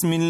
بسم الله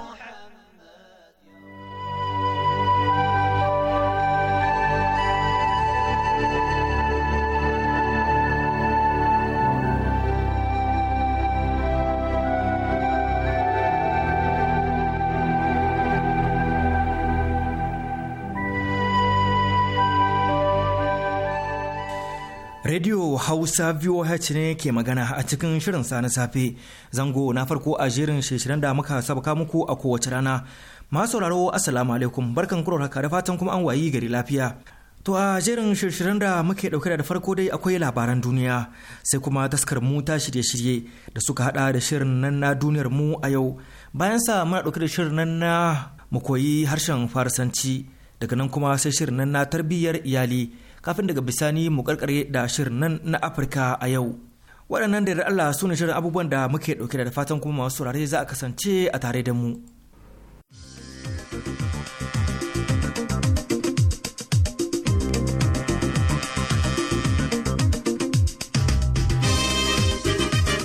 Hausa VOH ne ke magana a cikin shirin sa na safe. Zango na farko a jerin shirin da muka sabaka muku a kowace rana. Masu sauraro Assalamu alaikum barkan kuro haka da fatan kuma an wayi gari lafiya. To a jerin shirin da muke dauke da farko dai akwai labaran duniya sai kuma taskar mu ta shirye-shirye da suka hada da shirin nan na duniyar mu a yau. Bayan sa muna dauke da shirin nan na mu koyi harshen Farsanci daga nan kuma sai shirin nan na tarbiyyar iyali. kafin daga bisani mu karkare da shirin nan na Afirka a yau. Waɗannan da Allah su ne shirin abubuwan da muke ɗauke da fatan kuma masu saurare za a kasance a tare da mu.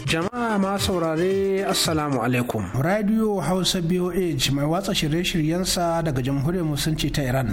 Jama'a ma saurare Assalamu alaikum. Radio Hausa BOH mai watsa shirye-shiryensa daga Jamhuriyar Musulunci ta Iran.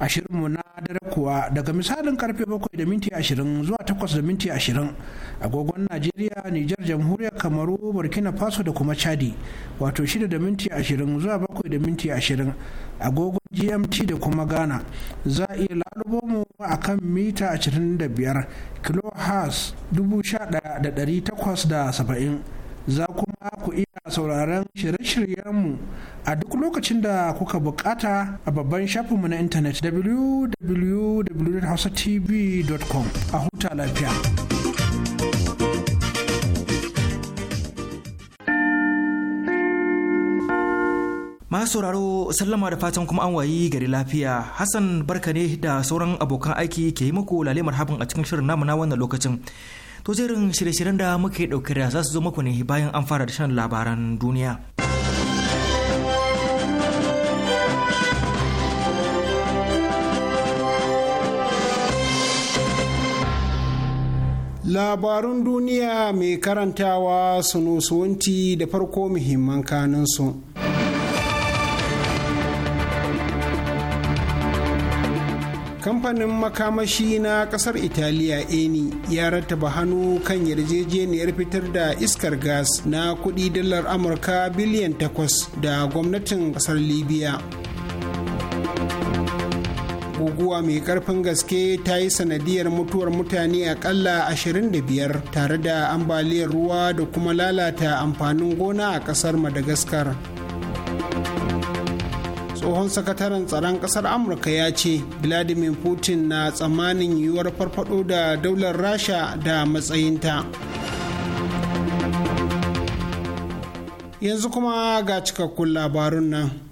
a shirinmu na dare kuwa daga misalin karfe 7 da minti 20 zuwa 8 da minti 20 agogon najeriya nijar jamhuriyar kamaru burkina faso da kuma chadi wato 6 da minti 20 zuwa 7 da minti 20 agogon gmt da kuma ghana za a iya lalubo mu a kan mita 25 kilohertz 11870 za kuma ku iya sauraron shirye-shiryenmu a duk lokacin da kuka bukata a babban shafinmu na intanet www.hausatv.com a huta lafiya. masu sauraro sallama da fatan kuma an wayi gari lafiya hassan barka ne da sauran abokan aiki ke yi muku lalimar habin a cikin shirin namu na wannan lokacin to jerin shirye-shiryen da muke ɗauka da za su zo muku ne bayan an fara da shan labaran duniya labarun duniya mai karantawa sunusuwanti da farko muhimman kanunsu. kamfanin makamashi na kasar italiya eni ya rattaba hannu kan yarjejeniyar fitar da iskar gas na kudi dalar amurka biliyan takwas da gwamnatin kasar libya guguwa mai karfin gaske ta yi sanadiyar mutuwar mutane akalla 25 tare da ambaliyar ruwa da kuma lalata amfanin gona a kasar madagascar tsohon sakataren tsaron kasar amurka ya ce vladimir putin na tsammanin yiwuwar farfado da daular rasha da matsayinta yanzu kuma ga cikakkun labarun nan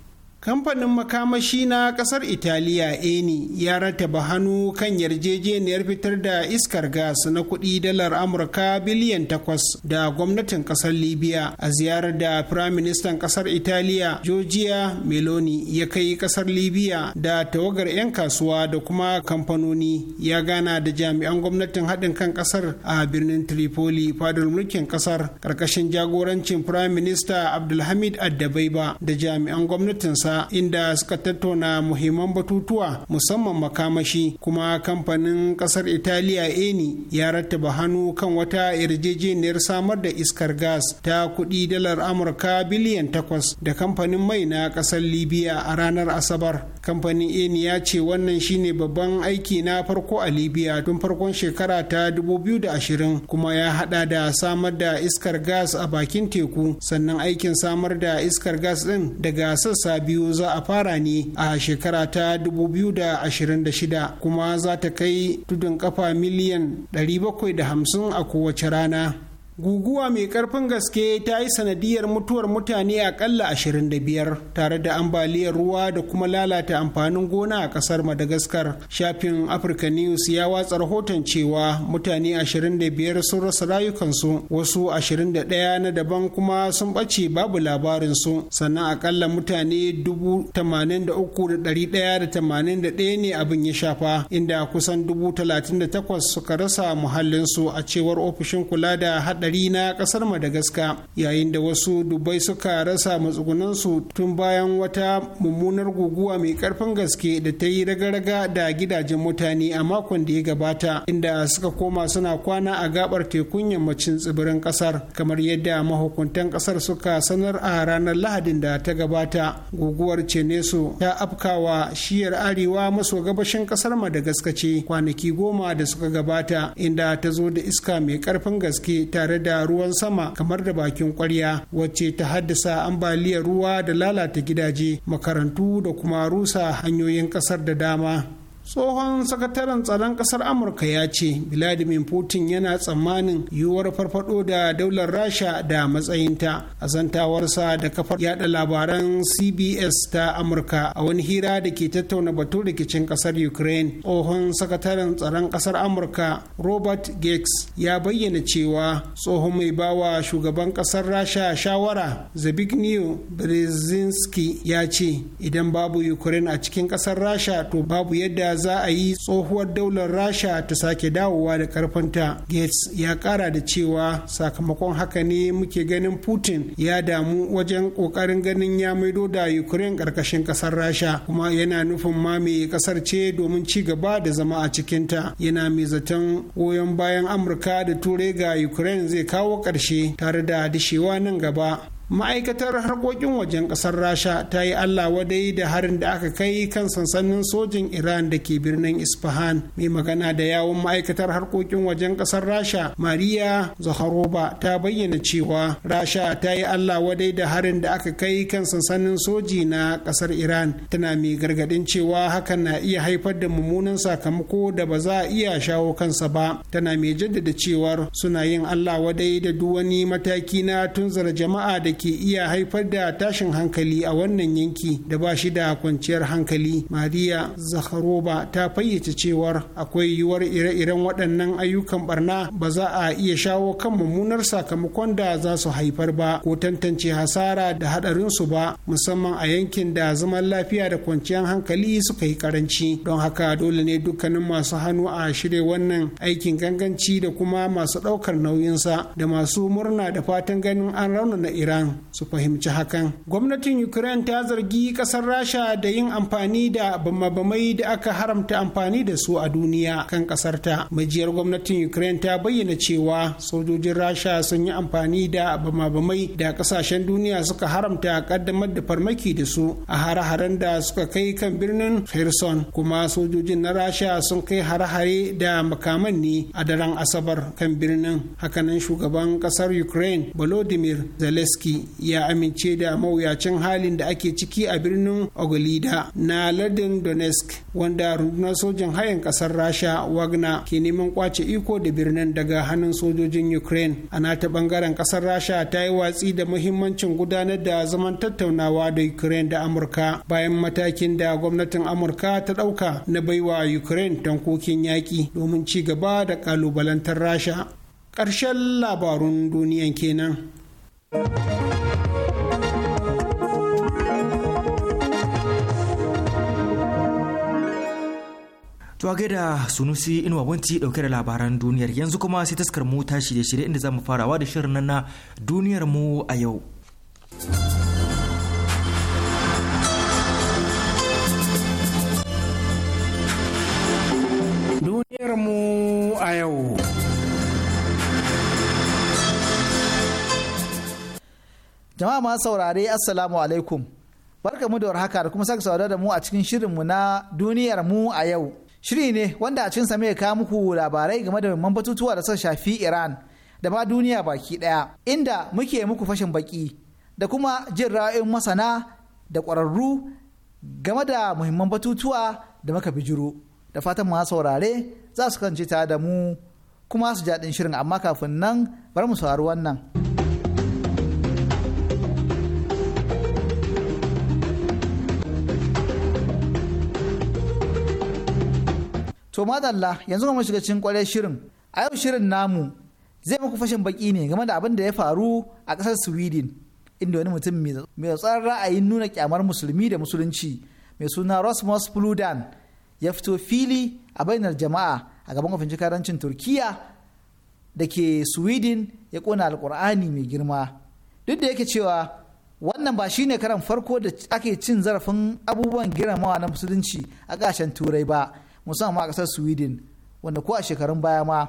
kamfanin makamashi na kasar italiya eni ya rattaba hannu kan yarjejeniyar fitar da iskar gas na kuɗi dalar amurka biliyan takwas da gwamnatin kasar libya a ziyarar da firaministan kasar italiya georgia meloni ya kai kasar libya da tawagar 'yan kasuwa da kuma kamfanoni ya gana da jami'an gwamnatin haɗin kan kasar a birnin tripoli fadar mulkin kasar ƙarƙashin jagorancin firaminista abdulhamid addabaiba da jami'an gwamnatin gwamnatinsa inda suka tattauna muhimman batutuwa musamman makamashi kuma kamfanin kasar italiya eni ya rattaba hannu kan wata yarjejeniyar samar da iskar gas ta kuɗi dalar amurka biliyan takwas da kamfanin mai na ƙasar libya a ranar asabar kamfanin eni ya ce wannan shine babban aiki na farko a libya tun farkon shekara ta 2020 kuma ya haɗa da samar da iskar gas a bakin teku sannan aikin samar da iskar gas ɗin daga sassa biyu biyu za a fara ne a shekara ta 2026 kuma za ta kai tudun kafa miliyan 750 a kowace rana guguwa mai karfin gaske ta yi sanadiyar mutuwar mutane akalla 25 tare da ambaliyar ruwa da kuma lalata amfanin gona a kasar madagascar shafin africa news ya watsa rahoton cewa mutane 25 sun rasa rayukansu wasu 21 na daban kuma sun ɓace babu labarinsu sannan akalla mutane 83,181 ne abin ya shafa inda kusan 38 suka rasa muhallinsu a cewar ofishin kula da haɗari gari na kasar madagascar yayin da wasu dubai suka rasa matsugunansu tun bayan wata mummunar guguwa mai karfin gaske da ta yi raga-raga da gidajen mutane a makon da ya gabata inda suka koma suna kwana a gabar tekun yammacin tsibirin kasar kamar yadda mahukuntan kasar suka sanar a ranar lahadin da ta gabata guguwar cenesu ta afkawa shiyar arewa maso gabashin kasar madagascar ce kwanaki goma da suka gabata inda ta zo da iska mai karfin gaske tare tare da ruwan sama kamar da bakin kwarya wacce ta haddasa ambaliyar ruwa da lalata gidaje makarantu da kuma rusa hanyoyin kasar da dama tsohon sakataren tsaron ƙasar amurka ya ce vladimir putin yana tsammanin yiwuwar farfado da daular rasha da matsayinta a zantawarsa da kafar yada labaran cbs ta amurka a wani hira da ke tattauna batun rikicin ƙasar ukraine tsohon sakataren tsaron ƙasar amurka robert gates ya bayyana cewa tsohon mai bawa shugaban ƙasar rasha shawara zbigniew brzezinski ya ce idan babu ukraine a cikin ƙasar rasha to babu yadda za a yi tsohuwar daular rasha ta sake dawowa da karfinta gates ya kara da cewa sakamakon haka ne muke ganin putin ya damu wajen kokarin ganin ya maido da ukraine karkashin kasar rasha kuma yana nufin mamaye kasar ce domin ci gaba da zama a cikinta yana mai zaton goyon bayan amurka da turai ga ukraine zai kawo ƙarshe tare da dishewa nan gaba ma'aikatar harkokin wajen kasar rasha ta yi allah wadai da harin da aka kai kan sansanin sojin iran da ke birnin isfahan mai magana da yawon ma'aikatar harkokin wajen kasar rasha maria zaharova ta bayyana cewa rasha ta yi allah wadai da harin da aka kai kan sansanin soji na kasar iran tana mai gargadin cewa hakan na iya haifar da mummunan sakamako da ba za a iya shawo kansa ba tana mai jaddada cewar suna yin allah wadai da duk wani mataki na tunzara jama'a da da ke iya haifar da tashin hankali a wannan yanki da ba shi da kwanciyar hankali maria zakharova ta fayyace cewar akwai yiwuwar ire-iren waɗannan ayyukan barna ba za a iya shawo kan mummunar sakamakon da za su haifar ba ko tantance hasara da haɗarinsu ba musamman a yankin da zaman lafiya da kwanciyar hankali suka yi karanci don haka dole ne dukkanin masu hannu a shirya wannan aikin ganganci da kuma masu ɗaukar nauyinsa da masu murna da fatan ganin an rauna na iran iran su fahimci hakan gwamnatin ukraine ta zargi kasar rasha da yin amfani da bamabamai da aka haramta amfani da su a duniya kan kasar ta majiyar gwamnatin ukraine ta bayyana cewa sojojin rasha sun yi amfani da bamabamai da kasashen duniya suka haramta kaddamar da farmaki da su a hare-haren da suka kai kan birnin kherson kuma sojojin na rasha sun kai hare-hare da makaman ne a daren asabar kan birnin hakanan shugaban kasar ukraine volodymyr zelensky ya amince da mawuyacin halin da ake ciki a birnin ogolida na lardin donetsk wanda rundunar sojin hayan kasar rasha wagner ke neman kwace iko da birnin daga hannun sojojin ukraine a nata bangaren kasar rasha ta yi watsi da muhimmancin gudanar da zaman tattaunawa da ukraine da amurka bayan matakin da gwamnatin amurka ta ɗauka na baiwa ukraine tankokin yaƙi domin ci gaba da kalubalantar rasha karshen labarun duniyan kenan Tuwage da Sunusi Inuwa Wanti dauke da labaran duniyar yanzu kuma sai taskar mu ta shirye-shirye inda zamu farawa da shirin nan na duniyar mu a yau. Duniyar mu a yau. jama'a ma saurare assalamu alaikum barka mu da warhaka da kuma saka saurare da mu a cikin shirinmu na duniyar mu a yau shiri ne wanda a cikin sa mai kawo muku labarai game da mamman batutuwa da suka shafi iran da ba duniya baki daya inda muke muku fashin baki da kuma jin ra'ayoyin masana da ƙwararru game da muhimman batutuwa da muka bijiro da fatan ma saurare za su kanci tare da mu kuma su jaɗin shirin amma kafin nan bari mu saurari wannan. To madalla yanzu kuma shiga cikin kwarai shirin. A yau shirin namu zai muku fashin baki ne game da abin da ya faru a ƙasar Sweden inda wani mutum mai tsaron ra'ayin nuna kyamar musulmi da musulunci mai suna Rasmus Fludan ya fito fili a bainar jama'a a gaban kwafin karancin Turkiya da ke Sweden ya kona alkur'ani mai girma. Duk da yake cewa wannan ba shine karan farko da ake cin zarafin abubuwan girmamawa na musulunci a ƙasashen turai ba musamman a kasar sweden wanda ko a shekarun baya ma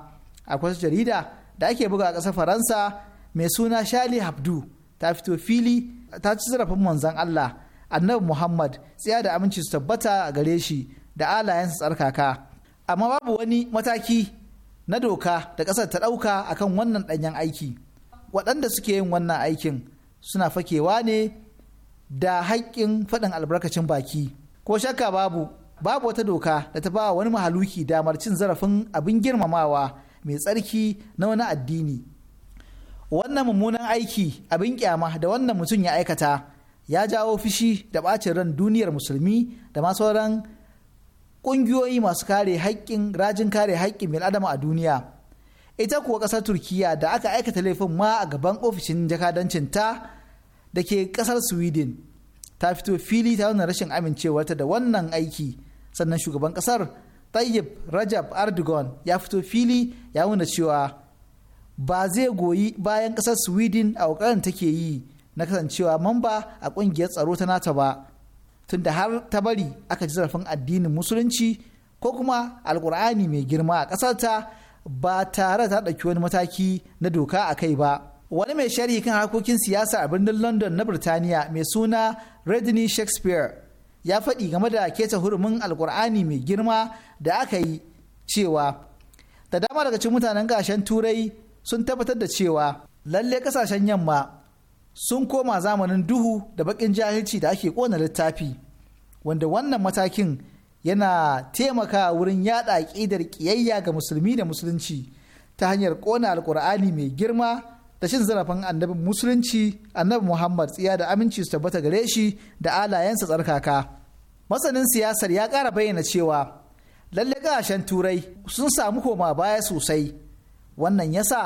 akwai jarida da ake buga a kasar faransa mai suna shali habdu ta fito fili ta ci zarafin manzon allah annabi muhammad tsaya da aminci su tabbata a gare shi da alayensa tsarkaka amma babu wani mataki na doka da ƙasar ta ɗauka akan wannan ɗanyen aiki waɗanda suke yin wannan aikin suna fakewa ne da haƙƙin faɗin albarkacin baki ko shakka babu babu wata doka da ta ba wani mahaluki damar cin zarafin abin girmamawa mai tsarki na wani addini wannan mummunan aiki abin kyama da wannan mutum ya aikata ya jawo fishi da ɓacin ran duniyar musulmi da ma sauran ƙungiyoyi masu kare haƙƙin rajin kare haƙƙin mil adama a duniya ita kuwa ƙasar turkiya da aka aikata laifin ma a gaban ofishin jakadancin ta da ke ƙasar sweden ta fito fili ta nuna rashin amincewarta da wannan aiki sannan shugaban kasar tayyip rajab erdogan ya fito fili ya nuna cewa ba zai goyi bayan kasar sweden a kokarin take yi na kasancewa mamba a kungiyar tsaro ta nata ba tunda har ta bari aka ji zarafin addinin musulunci ko kuma alkur'ani mai girma a ƙasarta ba tare ta ɗauki wani mataki na doka a kai ba wani mai sharhi kan harkokin siyasa a birnin london na birtaniya mai suna redney shakespeare ya faɗi game da keta hurumin alkur'ani mai girma da aka yi cewa da dama daga cikin mutanen gashen turai sun tabbatar da cewa lalle kasashen yamma sun koma zamanin duhu da baƙin jahilci da ake ƙona littafi wanda wannan matakin yana taimaka wurin yada ƙidar ƙiyayya ga musulmi da musulunci ta hanyar ƙona alkur'ani mai girma da cin zarafin annabin musulunci annabi muhammad tsiya da aminci su tabbata gare shi da alayensa tsarkaka masanin siyasar ya ƙara bayyana cewa lalle gashen turai sun samu koma baya sosai wannan yasa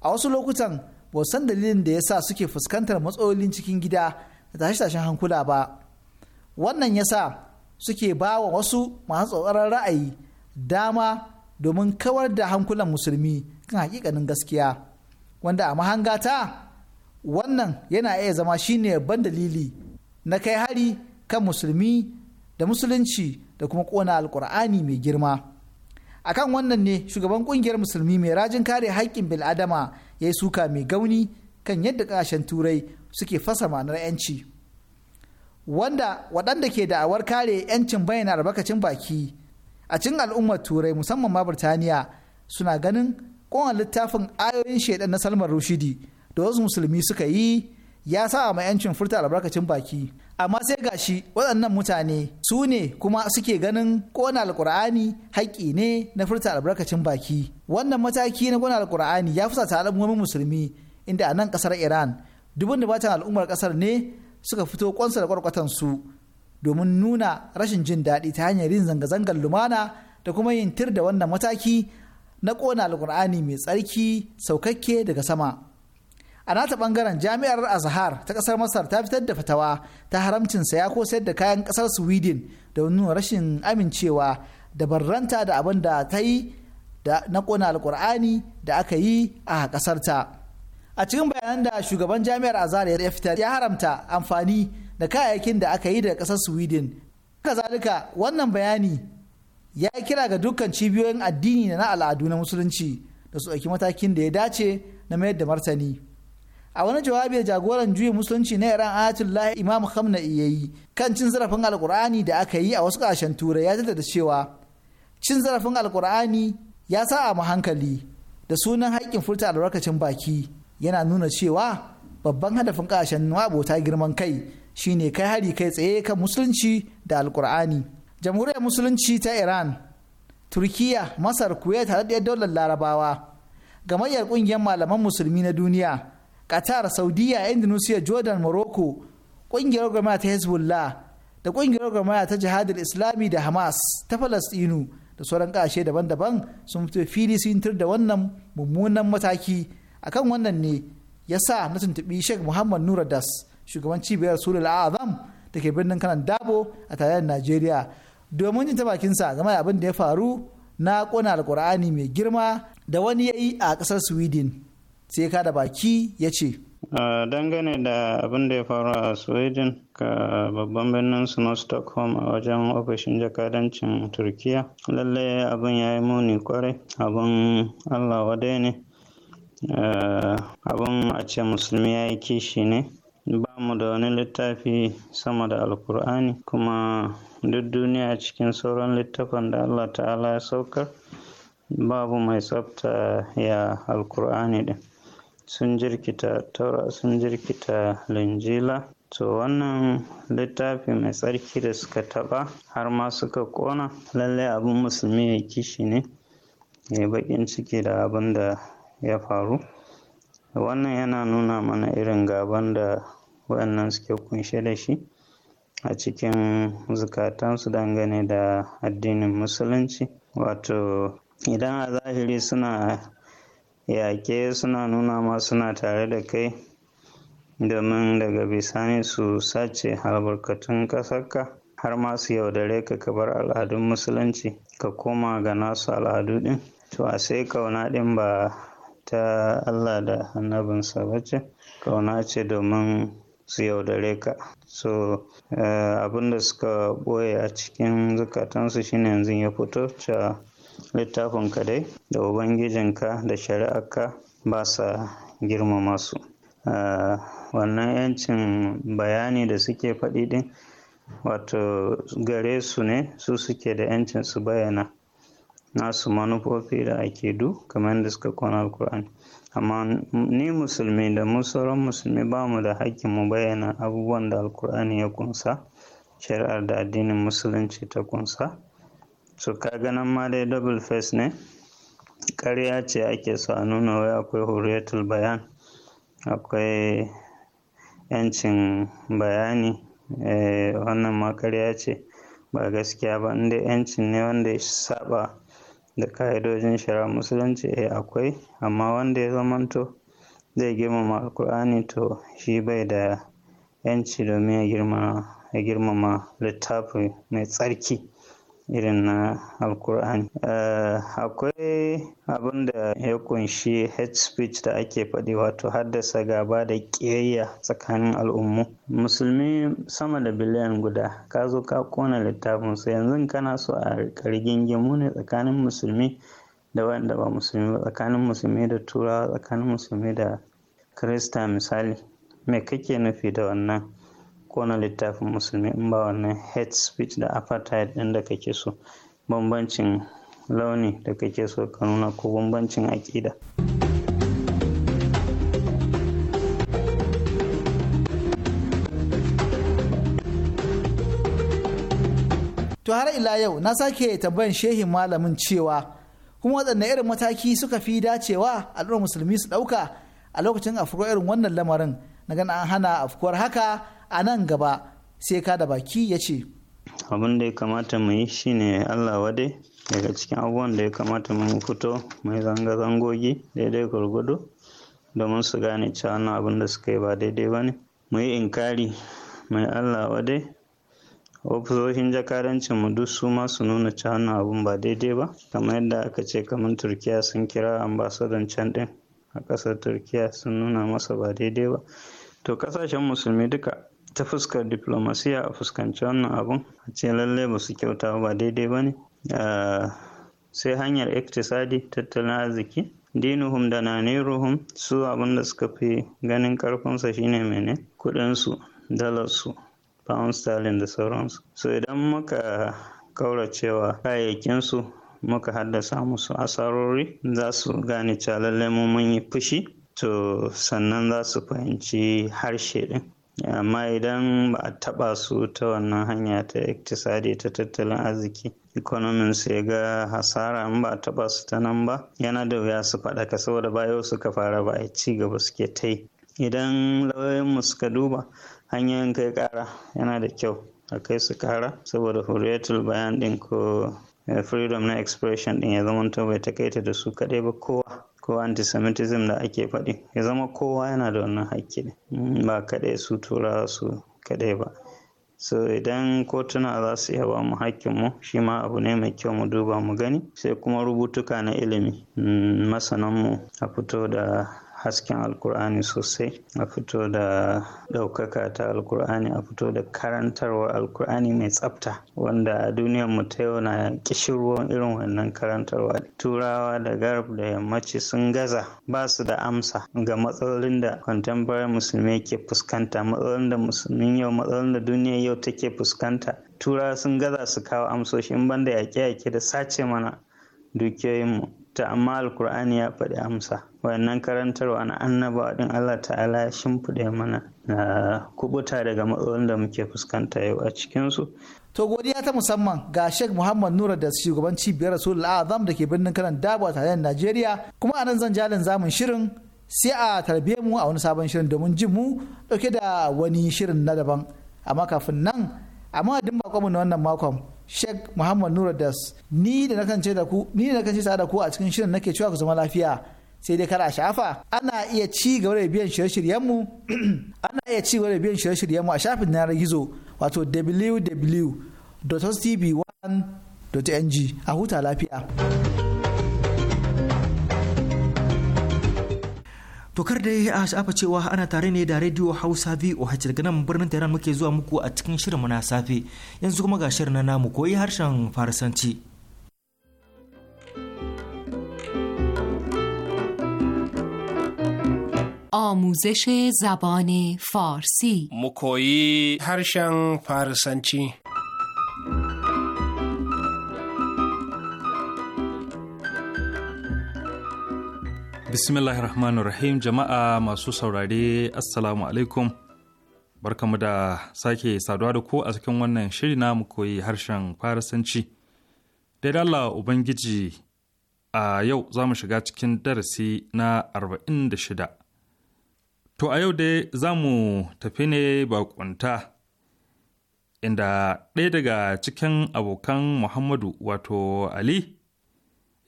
a wasu lokutan ba san dalilin da yasa suke fuskantar matsalolin cikin gida da tashe-tashen hankula ba wannan yasa suke ba wa wasu masu tsoron ra'ayi dama domin kawar da hankulan musulmi kan hakikanin gaskiya. wanda a mahangata wannan yana iya zama shine ban dalili na kai hari kan musulmi da musulunci da kuma kona alkur'ani mai girma a kan wannan ne shugaban kungiyar musulmi mai rajin kare haƙƙin bil'adama ya yi suka mai gauni kan yadda ƙasashen turai suke fasa ma'anar 'yanci wanda waɗanda ke da'awar kare 'yancin bayyana albarkacin baki a cikin al'ummar turai musamman ma birtaniya suna ganin kowane littafin ayoyin shaidan na salman rushidi da wasu musulmi suka yi ya sa ma yancin furta albarkacin baki amma sai gashi waɗannan mutane su ne kuma suke ganin kona alkur'ani haƙƙi ne na furta albarkacin baki wannan mataki na kona alkur'ani ya fusata al'ummomin musulmi inda a nan ƙasar iran dubin da batan al'ummar ƙasar ne suka fito kwansa da kwarkwatan su domin nuna rashin jin daɗi ta hanyar yin zanga-zangar lumana da kuma yin tir da wannan mataki na ƙona alkur'ani mai tsarki saukakke daga sama a nata ɓangaren jami'ar azhar ta ƙasar masar ta fitar da fatawa ta haramcin saya ko sayar da kayan ƙasar sweden da nuna rashin amincewa da barranta da abin da ta yi na ƙona alkur'ani da aka yi a ƙasarta a cikin bayanan da shugaban jami'ar azhar ya fitar ya haramta amfani da kayayyakin da aka yi daga ƙasar sweden haka zalika wannan bayani ya yi kira ga dukkan cibiyoyin addini na al'adu na musulunci da su ɗauki matakin da ya dace na mayar da martani a wani jawabi da jagoran juyin musulunci na iran ayatollah imam hamna iya yi kan cin zarafin alkur'ani da aka yi a wasu ƙasashen turai ya jaddada cewa cin zarafin alkur'ani ya sa a hankali da sunan haƙƙin furta albarkacin baki yana nuna cewa babban hadafin ƙasashen abota girman kai shine kai hari kai tsaye kan musulunci da alkur'ani jamhuriyar musulunci ta iran turkiyya masar kuwait haɗaɗɗiyar daular larabawa gamayyar ƙungiyar malaman musulmi na duniya qatar saudiya indonesia jordan morocco ƙungiyar gwamnati ta hezbollah da ƙungiyar gwamnati ta jihadar islami da hamas ta falastinu da sauran ƙasashe daban-daban sun fito fili sun da wannan mummunan mataki akan wannan ne ya sa na tuntuɓi sheikh muhammad nura das shugaban cibiyar sulul azam da ke birnin kanan dabo a tarayyar najeriya domin jin ta bakinsa game da abin da ya faru na kona alkur'ani mai girma da wani ya yi a ƙasar sweden sai ka da baki ya ce dangane da abin da ya faru a sweden ka babban birnin su na stockholm a wajen ofishin jakadancin turkiya lallai abin ya yi muni kwarai abin allah wadai ne abin a ce musulmi ya yi kishi ne ba mu da wani littafi sama da alkur'ani kuma duk duniya cikin sauran littafan da Allah ta'ala ya saukar babu mai tsafta ya alkur'ani din sun jirkita taura sun jirkita linjila to wannan littafi mai tsarki da suka taba har ma suka kona lallai abin musulmi ya kishi ne ya bakin ciki da abin da ya faru wannan yana nuna mana irin gaban da waɗannan suke kunshe da shi a cikin zukatansu dangane da addinin musulunci wato idan a zahiri suna yaƙe suna nuna ma suna tare da kai domin daga bisani su sace albarkatun ƙasarka har ma su yaudare ka kabar al'adun musulunci ka koma ga nasu al'adu ɗin to a sai kauna ɗin ba ta allah da annabinsa ba ce kauna ce domin su yaudare ka so eh, abin da suka boye a cikin zukatansu shine yanzu ya fito ca littafin ka dai da ubangijinka da shari'arka ba sa girmama su eh, wannan yancin bayani da suke faɗi din wato gare su ne su suke da yancin su bayyana. nasu manufofi da akidu kamar da suka kwana alkur'ani amma ni musulmi da mu sauran musulmi ba mu da hakkin mu bayyana abubuwan da alkur'ani ya kunsa shari'ar da addinin musulunci ta kunsa su ka ganin ma dai double face ne ƙarya ce ake so a nuna wai akwai huriyatul bayan akwai yancin bayani eh, wannan ma ƙarya ce ba gaskiya ba inda yancin ne wanda ya saba da ka'idojin shara musulunci eh akwai amma wanda ya zamanto zai girmama alkur'ani to shi bai da yanci domin ya girmama littafi mai tsarki irin na alkur'ani eh, akwai abin da ya kunshi hate speech da ake faɗi wato haddasa gaba da ƙiyayya tsakanin al'ummu musulmi sama da biliyan guda ka zo ka kona littafin su yanzu kana so a rigingimu ne tsakanin musulmi da wanda ba musulmi ba tsakanin musulmi da turawa tsakanin musulmi da kirista misali me kake nufi da wannan kowane littafin musulmi in ba wannan hate speech da apartheid ɗin da kake so bambancin launi da kake so ka nuna ko bambancin aƙida. To har ila yau na sake tabbayan shehin malamin cewa kuma waɗanne irin mataki suka fi dacewa al'ummar musulmi su ɗauka a lokacin afuwar irin wannan lamarin na gana an hana afkuwar haka a nan gaba sai ka da baki ya ce abin da ya kamata mu yi shine allah wade daga cikin abubuwan da ya kamata mu fito mai zanga-zangogi daidai gwargwado domin su gane cewa wannan abin da suka yi ba daidai ba ne mu yi inkari mai allah wade ofisoshin jakadancin mu duk su ma su nuna cewa wannan abun ba daidai ba kamar yadda aka ce kamar turkiya sun kira ambasadan can din a ƙasar turkiya sun nuna masa ba daidai ba to kasashen musulmi duka ta fuskar diplomasiya a fuskanci wannan abun a ce lallai ba su kyauta ba daidai ba ne sai hanyar iktisadi tattalin arziki dinuhum da naniruhum su abin da suka fi ganin karfinsa shine mene kudinsu dalarsu pound sterling da sauransu so idan muka kauracewa kayayyakinsu muka haddasa musu asarori za su gane cewa lallai mun yi fushi to sannan za su fahimci harshe din amma idan ba a taɓa su ta wannan hanya ta iktisadi ta tattalin arziki ikonomin su ya ga hasara in ba a taba su ta nan ba yana da wuya su faɗaka saboda ba yau suka fara ba a ci gaba suke ta yi idan lauyoyinmu suka duba hanyoyin kai ƙara yana da kyau a kai su ƙara saboda huriyatul bayan ɗin ko eh, freedom na expression ɗin ya zama bai takaita da su kaɗai ba kowa ko antisemitism da ake faɗi ya zama kowa yana da wannan haƙƙi mm, ba kaɗai su tura su kaɗai ba so idan kotuna za su iya ba mu mu shi ma abu ne mai kyau mu duba mu gani sai kuma rubutuka na ilimi mm, masananmu a fito da hasken alkur'ani sosai a fito da ɗaukaka ta alkur'ani a fito da karantarwar alkur'ani mai tsafta wanda a duniyar mu ta yau na kishirwon irin wannan karantarwa turawa da garb da yammaci sun gaza ba su da amsa ga matsalolin da contemporary musulmi ke fuskanta matsalolin da musulmin yau matsalolin da duniya yau take fuskanta turawa sun gaza su kawo amsoshin banda yaƙe-yaƙe da sace mana dukiyoyinmu ta amma alkur'ani ya faɗi amsa wannan karantarwa na annabawa din Allah ta'ala ya shimfiɗe mana na kubuta daga matsalolin da muke fuskanta yau a cikinsu. To godiya ta musamman ga Sheikh Muhammad Nura da shugaban cibiyar Rasul Azam da ke birnin Kano Dabo a Najeriya kuma a nan zan jalin zamun shirin sai a tarbe mu a wani sabon shirin domin jin mu dauke da wani shirin na daban amma kafin nan amma din bakonmu na wannan makon Sheikh Muhammad Nura das ni da na kance da ku ni da na da ku a cikin shirin nake cewa ku zama lafiya sai dai kara shafa ana iya ci gaba da biyan shirye-shiryenmu ana iya ci gaba da biyan shirye mu a shafin na gizo wato www.tv1.ng a huta lafiya. Tokar dai a shafa cewa ana tare ne da rediyo Hausa hajji daga nan birnin Tehran muke zuwa muku a cikin shirin na safe yanzu kuma ga shirin na namu koyi harshen Farisanci. آموزش زبان فارسی مکویی هرشن فارسنچی bismillahir rahmanir rahim jama'a masu saurare assalamu alaikum barkamu da sake saduwa da ku a cikin wannan shiri na mu koyi harshen farasanci da ubangiji a yau za mu shiga cikin darasi na 46 To a yau dai za mu tafi ne bakunta inda ɗaya daga cikin abokan Muhammadu wato Ali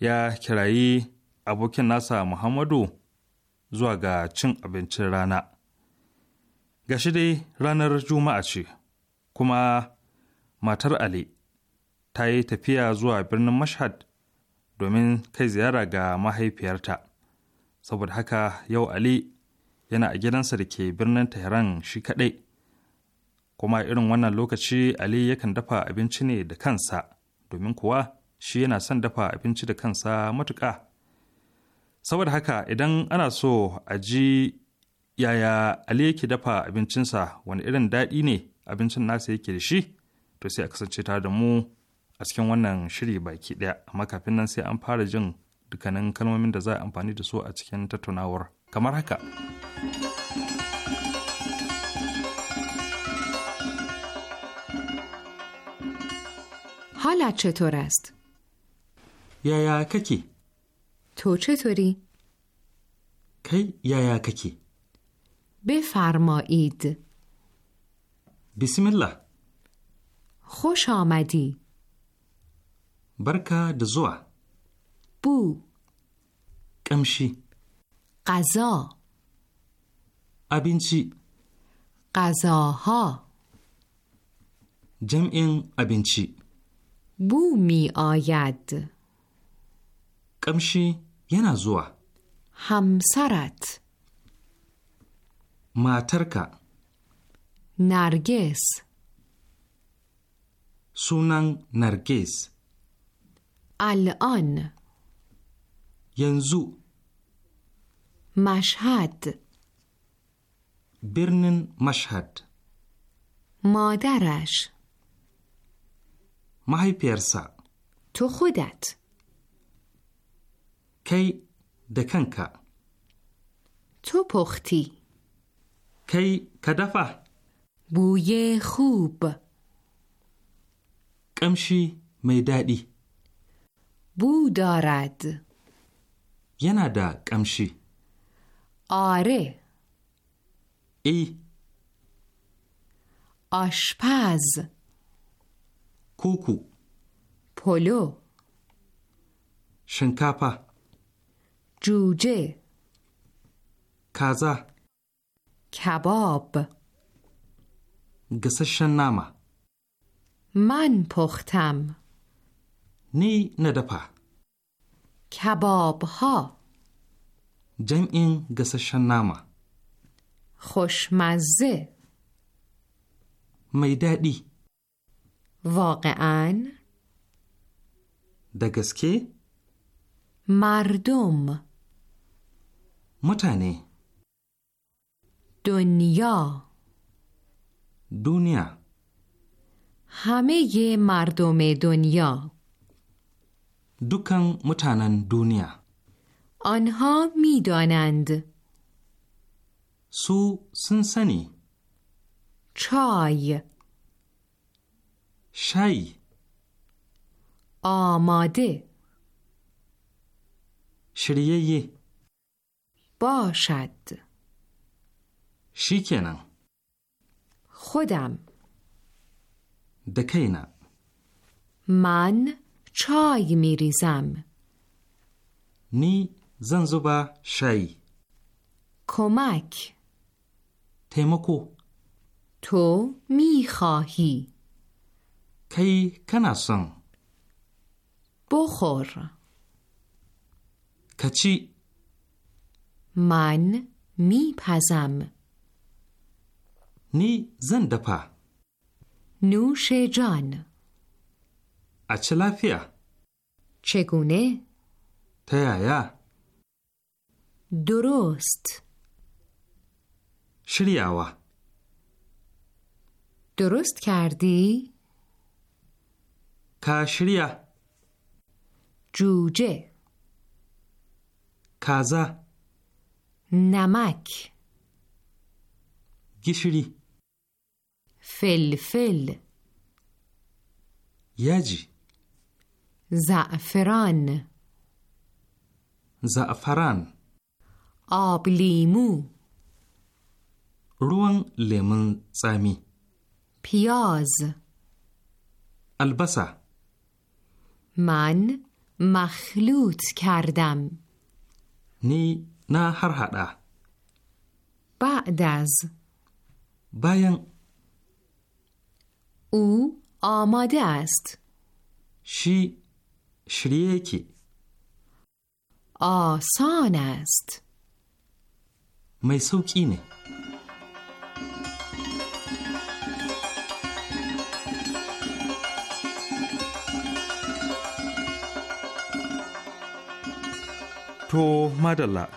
ya kirayi abokin nasa Muhammadu zuwa ga cin abincin rana. Gashi dai ranar Juma'a ce, kuma matar Ali ta yi tafiya zuwa birnin Mashhad domin kai ziyara ga mahaifiyarta. Saboda haka yau Ali yana a gidansa da ke birnin Tehran shi kaɗai. Kuma irin wannan lokaci Ali yakan dafa abinci ne da kansa, domin kuwa shi yana son dafa abinci da kansa matuka Saboda haka idan ana so a ji yaya Ali yake dafa abincinsa wani irin daɗi ne abincin nasa yake da shi, to sai a kasance tare da mu a cikin wannan shiri baki ɗaya, amma kafin nan sai an fara jin dukkanin kalmomin da za a amfani da su a cikin tattaunawar. kamar haka حالت چطور است؟ یا یا ککی تو چطوری؟ کی یا یا ککی بفرمایید بسم الله خوش آمدی برکا دزوا بو کمشی غذا abinci غذاها جمع abinci بو می آید کمشی یه زوا همسرت ماترکا نرگس سونن نرگس الان ینزو مشهد برنن مشهد مادرش مهی پیرسا تو خودت کی دکنکا تو پختی کی کدفه بوی خوب کمشی میدادی بو دارد یه ندا کمشی آره ای آشپز کوکو پلو شنکاپا جوجه کازا کباب گسه نامه من پختم نی ندپا کباب ها جمعین گسشن نامه خوشمزه میدادی واقعا دگسکی مردم متانی. دنیا دنیا همه مردم دنیا دکان متانن دنیا آنها میدانند سو سنسنی چای شی آماده شریعی باشد شیکنم خودم دکینم من چای میریزم نی زن زبا شایی کمک تیمکو تو میخواهی کی کناسن بخور کچی من میپزم نی زن دپا نوش جان اچه لافیا چگونه تیایا درست شریعه درست کردی؟ کاشریا جوجه کازا نمک گشری فلفل یجی زعفران زعفران آب لیمو روان لیمون زمی پیاز البسه من مخلوط کردم نی نه هر حدا بعد از باین او آماده است شی شریکی آسان است mai sauƙi ne. To, madalla.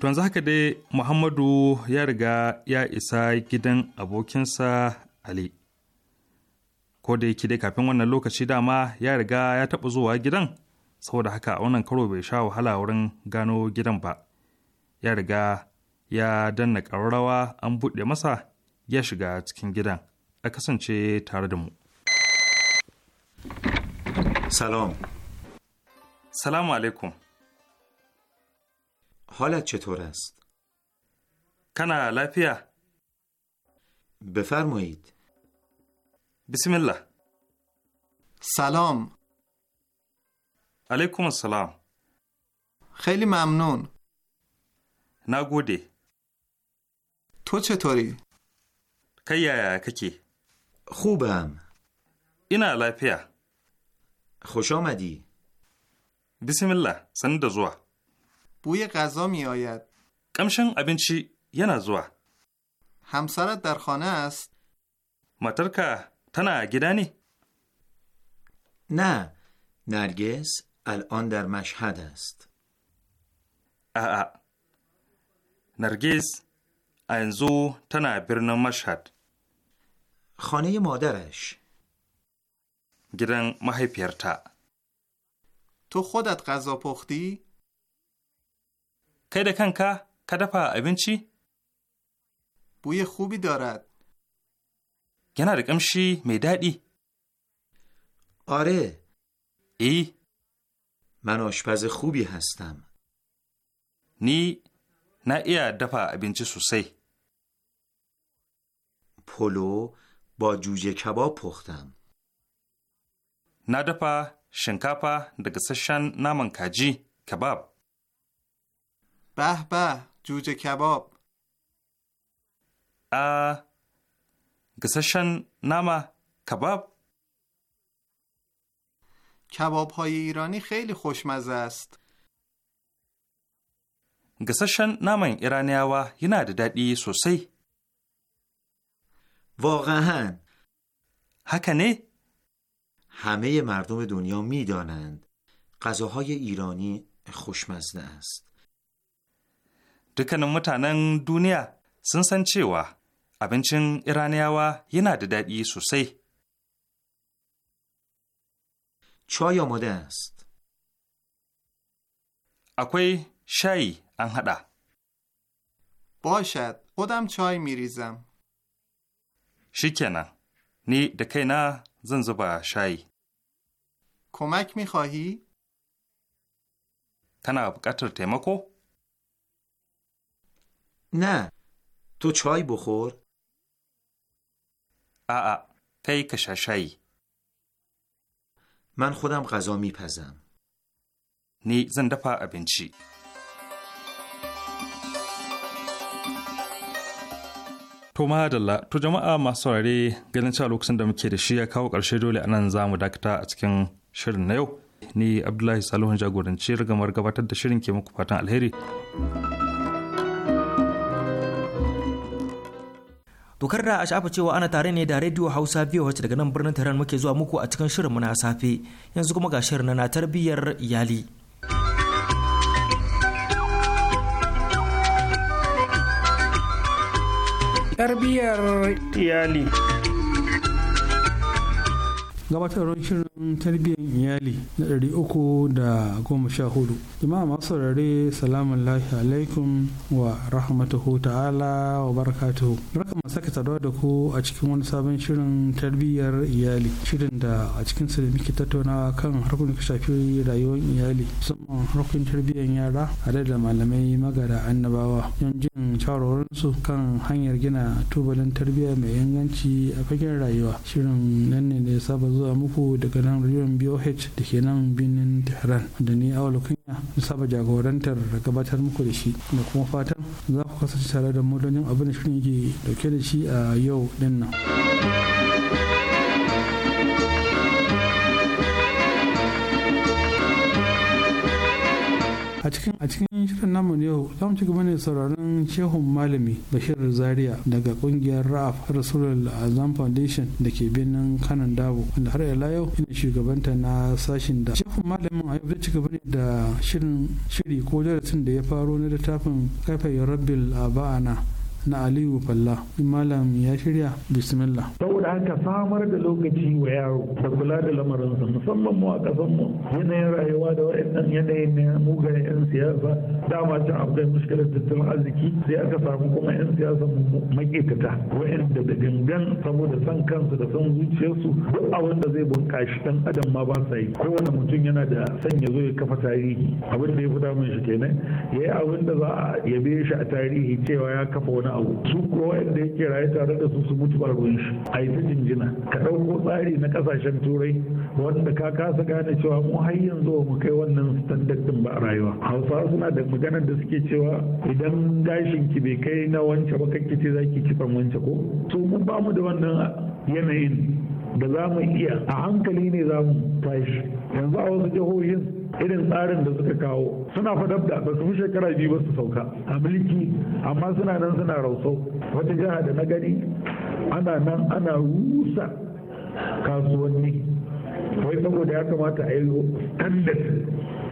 To za haka dai Muhammadu ya riga ya isa gidan abokinsa Ali. Ko da yake dai kafin wannan lokaci dama ya riga ya taɓa zuwa gidan, saboda haka a wannan karo bai sha wahala wurin gano gidan ba. ya riga ya danna ƙararrawa an buɗe masa ya shiga cikin gidan a kasance tare da mu. Salam. Salamu alaikum. Hola chetore است. Kana lafiya? بفرمایید. بسم الله. سلام. علیکم السلام. خیلی ممنون. na gode. To cetori. Kai yaya kake? Huba. Ina lafiya. Khosh omadi. Bismillah, san da zuwa. Buya qaza mi ayad. Kamshin abinci yana zuwa. Hamsarat dar Matarka tana gida ne? Na, Nargis al'on dar Mashhad ast. A'a. نرگیز اینزو تنه برن مشهد خانه مادرش گرن مهی پیرتا تو خودت غذا پختی؟ که دکن که کدپا ایبین چی؟ بوی خوبی دارد رکم رقمشی میدادی؟ آره ای؟ من آشپز خوبی هستم نی نه ایه دفع ابینچی سوسی پلو با جوجه کباب پختم نه دفع شنکاپا سشن نامن کجی کباب به به جوجه کباب ا گسشن نما کباب کباب های ایرانی خیلی خوشمزه است قصه شن نام ایرانی ها یه ندیده ای واقعاً. همه مردم دنیا میدانند دانند. ایرانی خوشمزده است. دکنه متعنی دنیا. سنسن چی و؟ ابین چنگ ایرانی یه ندیده ای چه چای است. اکوی شایی. ان باشد خودم چای میریزم شیکنا نی دکینا نه زن شایی کمک میخواهی؟ تنها بکتر تیمکو؟ نه تو چای بخور؟ آ تی کششای من خودم غذا میپزم نی زنده دفع ابینچی koma madalla, to jama'a masu saurare ganin cewa lokacin da muke da shi ya kawo ƙarshe dole anan za mu dakata a cikin shirin na yau. Ni Abdullahi Salihu jagoranci rigamar gabatar da shirin ke muku fatan alheri. Dokar da a sha'afa cewa ana tare ne da Radio Hausa VOH daga nan birnin Tehran muke zuwa muku a cikin shirin na safe. Yanzu kuma ga shirin na tarbiyyar iyali. tarbiyyar iyali gabatarwar shirin tarbiyyar iyali na uku 314 jama'a masu saurare salamun lahi alaikum wa rahmatuhu ta'ala wa barakatuhu barka masu saka saduwa da ku a cikin wani sabon shirin tarbiyyar iyali shirin da a cikin su da muke tattaunawa kan harkokin da shafi rayuwar iyali musamman harkokin tarbiyyar yara a da malamai magada annabawa don jin shawarwarinsu kan hanyar gina tubalin tarbiyya mai inganci a fagen rayuwa shirin nan ne ne sabon zuwa muku daga nan rayuwar BOH da ke nan binin Tehran da ni awal kunya da saba jagorantar da gabatar muku da shi da kuma fatan za ku kasance tare da mu don yin abin da shirin yake dauke da shi a yau din nan. a cikin a cikin shirin namu yau za mu ci gaba ne sauraron shehun malami bashir zaria daga kungiyar ra'af rasulul azam foundation da ke birnin kanan dabo wanda har yala yau ina shugabanta na sashin da shehun malamin a yau zai ci gaba ne da shirin shiri ko darasin da ya faro na littafin kafa rabbil aba'ana na aliyu falla malam ya shirya bismillah saboda haka samar da lokaci wa yaro da kula da lamarinsa musamman mu a mu yanayin rayuwa da wa'annan yanayin na mugayen 'yan siyasa dama can akwai muskilar tattalin arziki sai aka samu kuma 'yan siyasa makitata wa'anda da gangan saboda san kansu da san zuciyarsu duk abin da zai bunkashi dan adam ma ba sa yi kowane mutum yana da son ya zo ya kafa tarihi abin da ya fi damun shi kenan ya yi abin da za a yabe shi a tarihi cewa ya kafa wani abu su kuwa waɗanda yake raye tare da su su mutu ba ruwan shi ta jinjina ka ɗauko tsari na ƙasashen turai wanda ka kasa gane cewa mu har yanzu mu kai wannan standard din ba rayuwa hausawa suna da maganar da suke cewa idan gashin ki bai kai na wance ba kake ce zaki kifan wance ko to mu ba mu da wannan yanayin da za mu iya a hankali ne za mu tashi yanzu a wasu jihohin irin tsarin da suka kawo suna fadab da ba su fi shekara biyu ba su sauka a mulki amma suna nan suna rausau wata jiha da na gani ana nan ana rusa kasuwanni wai saboda ya kamata a yi standard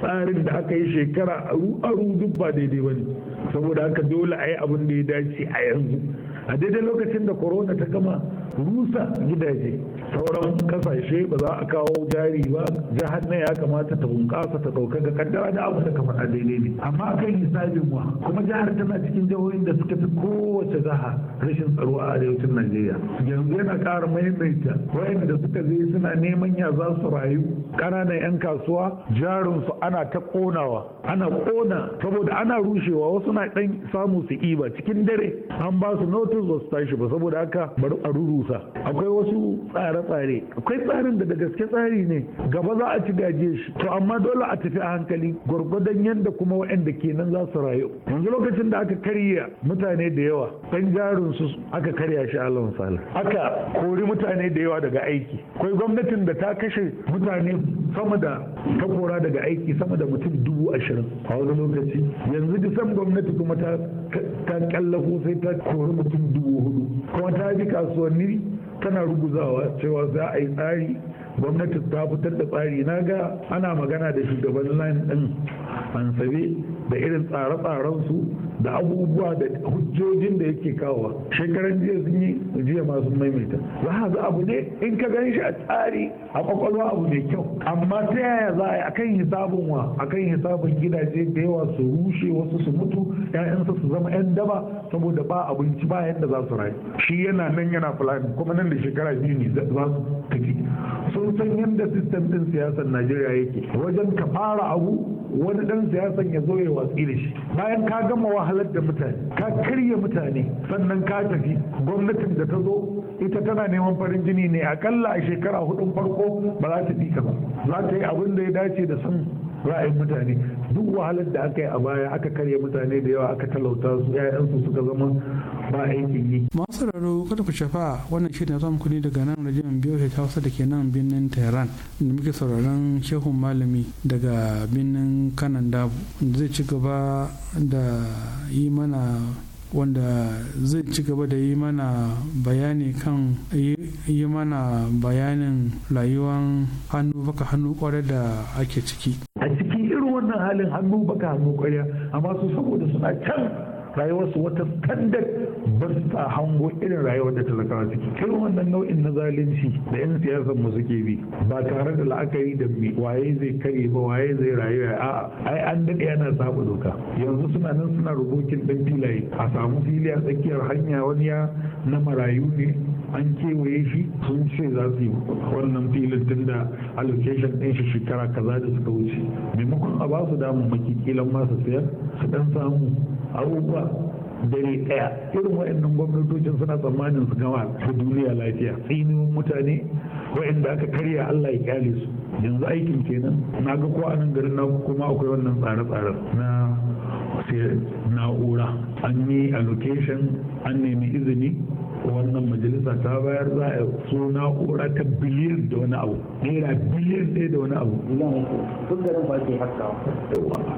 tsarin da aka yi shekara a duk ba daidai ba ne saboda haka dole a yi abin da ya dace a yanzu a daidai lokacin da corona ta gama rusa gidaje sauran kasashe ba za a kawo jari ba jihar na ya kamata ta bunƙasa ta ɗauka ga kaddara da abu da kamar a daidai ne amma kan hisabin wa kuma jihar tana cikin jihohin da suka fi kowace jiha rashin tsaro a arewacin najeriya yanzu yana ƙara maimaita wayanda suka je suna neman ya za su rayu ƙananan 'yan kasuwa jarinsu ana ta ƙonawa ana ƙona saboda ana rushewa wasu na ɗan samu su iba cikin dare an ba su notice ba su tashi ba saboda haka bar a ruru rusa akwai wasu tsare-tsare akwai tsarin da da gaske tsari ne gaba za a ci gaje shi to amma dole a tafi a hankali gwargwadon yadda kuma waɗanda kenan za su rayu yanzu lokacin da aka karya mutane da yawa ɗan jarin su aka karya shi Allah misali aka kori mutane da yawa daga aiki akwai gwamnatin da ta kashe mutane sama da ta kora daga aiki sama da mutum dubu ashirin a wani lokaci yanzu dusan gwamnati kuma ta kyallafo sai ta kori mutum dubu hudu kuma ta ji kasuwanni tana ruguzawa cewa za a yi tsari gwamnati ta fitar da tsari na ga ana magana da shugaban line din ansabe da irin tsare-tsarensu da abubuwa da hujjojin da yake kawo shekaran jiya sun yi jiya masu maimaita za a ga abu ne in ka gan shi a tsari a kwakwalwa abu mai kyau amma ta yaya za a yi akan hisabin wa akan hisabin gidaje da yawa su rushe wasu su mutu 'ya'yansa su zama 'yan daba saboda ba abinci ba yadda za su rayu shi yana nan yana fulani kuma nan da shekara biyu ne za su tafi sun san yadda sistem din siyasar najeriya yake wajen ka fara abu wani dan siyasan ya zo ya watsi shi bayan ka gama wahalar da mutane ka karya mutane sannan ka tafi gwamnatin da ta zo ita tana neman farin jini ne akalla a shekara hudun farko ba za ta bi ka ba za ta yi abin da ya dace da san ra'ayin mutane duk wahalar da aka yi a baya aka karya mutane da yawa aka talauta su ƴaƴansu suka zama ba aikin yi. masu sauraro kada ku shafa wannan shirin ya samu kudi daga nan rajin biyu ta hausa da ke nan birnin tehran da muke sauraron shehun malami daga birnin kanan dabu zai ci gaba da yi mana wanda zai ci gaba da yi mana bayani kan yi mana bayanin rayuwan hannu baka hannu kwarai da ake ciki wannan halin hannu baka hannu kwarya amma su saboda suna can rayuwarsu wata tandar ba sa hango irin rayuwar da talakawa suke kai wannan nau'in na zalunci da yan siyasar mu suke bi ba tare da la'akari da waye zai kare ba waye zai rayu a'a ai an daɗe yana saba doka yanzu suna nan suna rubokin dan filaye a samu fili a tsakiyar hanya wani ya na marayu ne an kewaye shi sun ce za su yi wannan filin tun da allocation ɗin shi shekara kaza da suka wuce maimakon a ba su damar makikilan masu sayar su ɗan samu abubuwa dare ɗaya irin waɗannan gwamnatocin suna tsammanin su gama ta duniya lafiya mun mutane wayanda aka karya Allah ya kyale su yanzu aikin kenan na ga ko anan garin na kuma akwai wannan tsare tsare na na'ura an yi allocation an nemi izini wannan majalisa ta bayar za a so na'ura ta biliyan da wani abu naira biliyan ɗaya da wani abu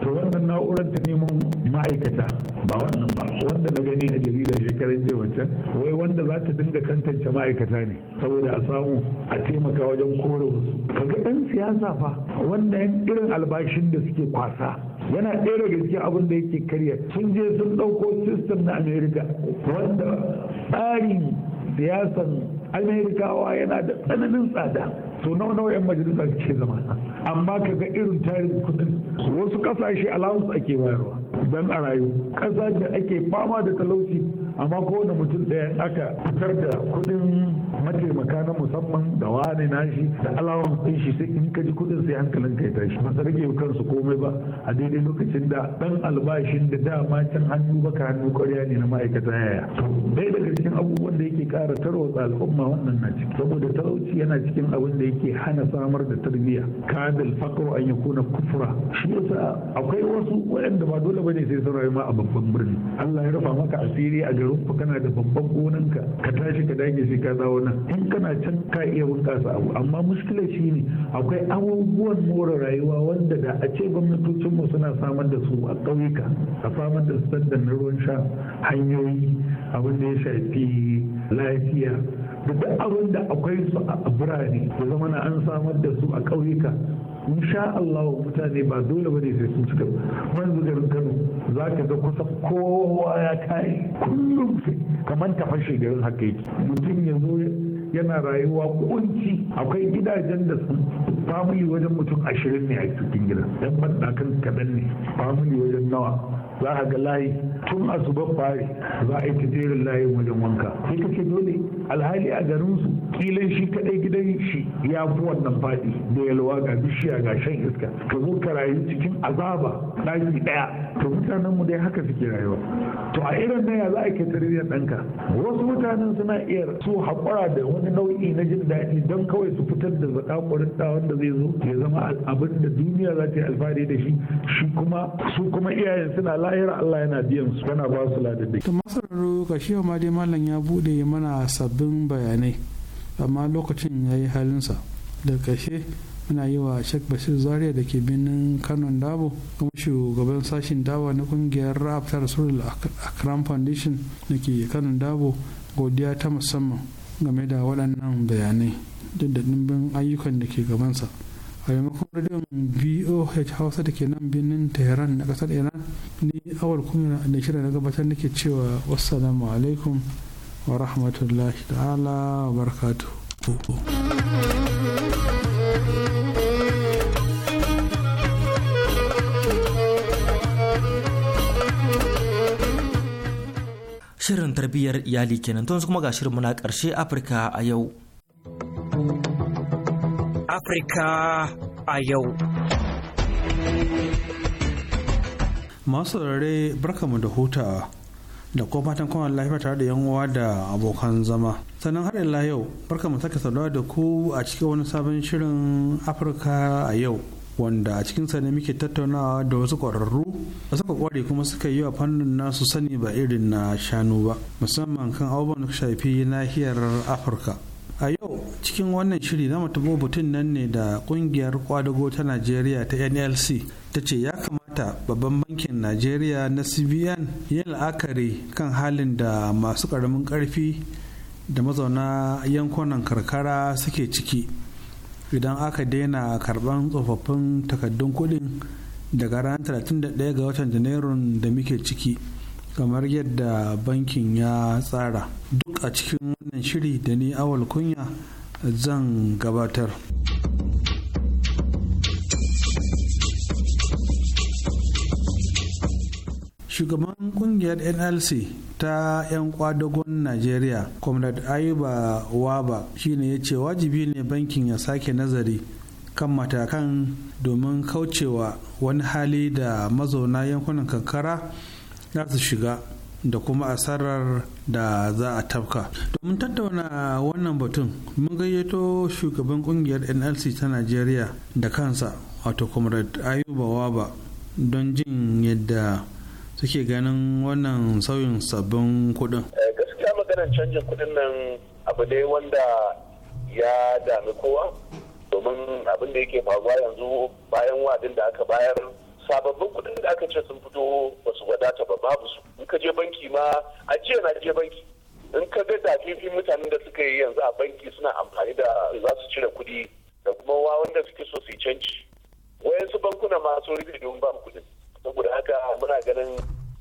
to wannan na'urar ta neman ma'aikata ba wannan ba wanda na gani a jarida shekarun jiya wancan wai wanda za ta dinga kantance ma'aikata ne saboda a samu a taimaka wajen kore wasu kaga ɗan siyasa fa wannan irin albashin da suke kwasa yana ɗaya daga cikin abin da yake karya sun je sun ɗauko system na america wanda tsarin siyasan amerikawa yana da tsananin tsada to nawa nawa yan majalisa ke zama amma kaga irin tarin kudin wasu kasashe alawus ake bayarwa don a rayu kasa da ake fama da talauci amma kowane mutum ɗaya aka fitar da kuɗin mataimaka na musamman da wani nashi da alawan ɗin shi sai in ka ji kuɗin sai hankalin ka ya tashi ba su rage kansu komai ba a daidai lokacin da ɗan albashin da dama can hannu baka hannu ƙwarya ne na ma'aikata yaya ɗaya daga cikin abubuwan da yake ƙara tarwatsa al'umma wannan na ciki saboda talauci yana cikin abin da yake hana samar da tarbiyya kadal fakar an kuna kufra shi yasa akwai wasu waɗanda ba dole ne sai sun rayu ma a babban birni Allah ya rufa maka asiri a garin garin ku kana da babban gonan ka ka tashi ka dage sai ka dawo nan in kana can ka iya bunƙasa abu amma muskilar shi ne akwai abubuwan more rayuwa wanda da a ce gwamnatocin mu suna samar da su a ƙauyuka a samar da sandan ruwan sha hanyoyi abin da ya shafi lafiya da duk abin da akwai su a birane da zama na an samar da su a ƙauyuka insha Allah mutane ba dole bane sai sun cika wanzu garin Kano za ka ga kusa kowa ya kai kullum sai kamar ta fashe garin haka yake mutum ya zo yana rayuwa kunci akwai gidajen da sun famili wajen mutum ashirin ne a cikin gidan yan bandakan kaɗan ne famili wajen nawa za a ga layi tun asuba fari za a yi tajerin layin wajen wanka sai ka ce dole alhali a garin su kilan shi kadai gidan shi ya fi wannan fadi da yalwa ga bishiya ga shan iska ka zo ka rayu cikin azaba ɗaki ɗaya to mutanen mu dai haka suke rayuwa to a irin naya za a ke tarbiyyar ɗanka wasu mutanen suna iya su haƙura da wani nau'i na jin daɗi don kawai su fitar da zakakurin da wanda zai zo ya zama abin da duniya za ta yi alfahari da shi shi kuma su kuma iyayen suna lahira Allah yana biyan su yana ba su ladabi. to masararru ga shi ma dai malam ya bude mana sabbin bayanai amma lokacin ya yi halinsa da kashe muna yi wa shek basir zaria da ke binin kanon dabo kuma shugaban sashin dawa na kungiyar rap ta rasulul akram foundation da ke kanon dabo godiya ta musamman game da waɗannan bayanai duk da ɗimbin ayyukan da ke gabansa a maimakon rediyon voh hausa da ke nan birnin tehran na kasar iran ni awal kuma da shirya na gabatar nake cewa wassalamu alaikum wa rahmatullahi ta'ala wa barakatu shirin tarbiyyar iyali kenan to kuma ga shirin muna karshe afirka a yau Afirka a yau. Masu rare barkamu da huta da kuma fatan kwanan lafiya tare da yan uwa da abokan zama. Sannan har illa yau barkamu sake saduwa da ku a cikin wani sabon shirin Afirka a yau. wanda a cikin ne muke tattaunawa da wasu ƙwararru da suka ƙware kuma suka yi wa fannin nasu sani ba irin na shanu ba musamman kan abubuwan da shafi nahiyar afirka a yau cikin wannan shiri zama tabo batun nan ne da kungiyar kwadago ta najeriya ta nlc ta ce ya kamata babban bankin najeriya na cbn yin la'akari kan halin da masu ƙaramin karfi da mazauna yankunan karkara suke ciki idan aka daina karban tsofaffin takardun kuɗi daga ranar 31 ga watan janairun da muke ciki kamar yadda bankin ya tsara duk a cikin wannan shiri da ni awal kunya zan gabatar shugaban kungiyar nlc ta 'yan kwadagon najeriya comrade ayuba waba shine ya ce wajibi ne bankin ya sake nazari kan matakan domin kaucewa wani hali da mazauna yankunan kankara za su shiga da kuma asarar da za a tafka. Domin tattauna wannan batun mun gayyato shugaban kungiyar NLC ta Najeriya da kansa wato Comrade Ayuba Waba don jin yadda suke ganin wannan sauyin sabbin kudin. Eh, gaskiya maganar canjin kudin nan abu ne wanda ya dami kowa domin abin da yake faruwa yanzu bayan wadin da aka bayar sababbin kuɗin da aka ce sun fito ba su wadata ba babu su in ka je banki ma a jiya na je banki in ka ga dafifin mutanen da suka yi yanzu a banki suna amfani da za su cire kuɗi da kuma wa wanda suke so su yi canji wayansu bankuna ma sun rufe domin ba kuɗin saboda haka muna ganin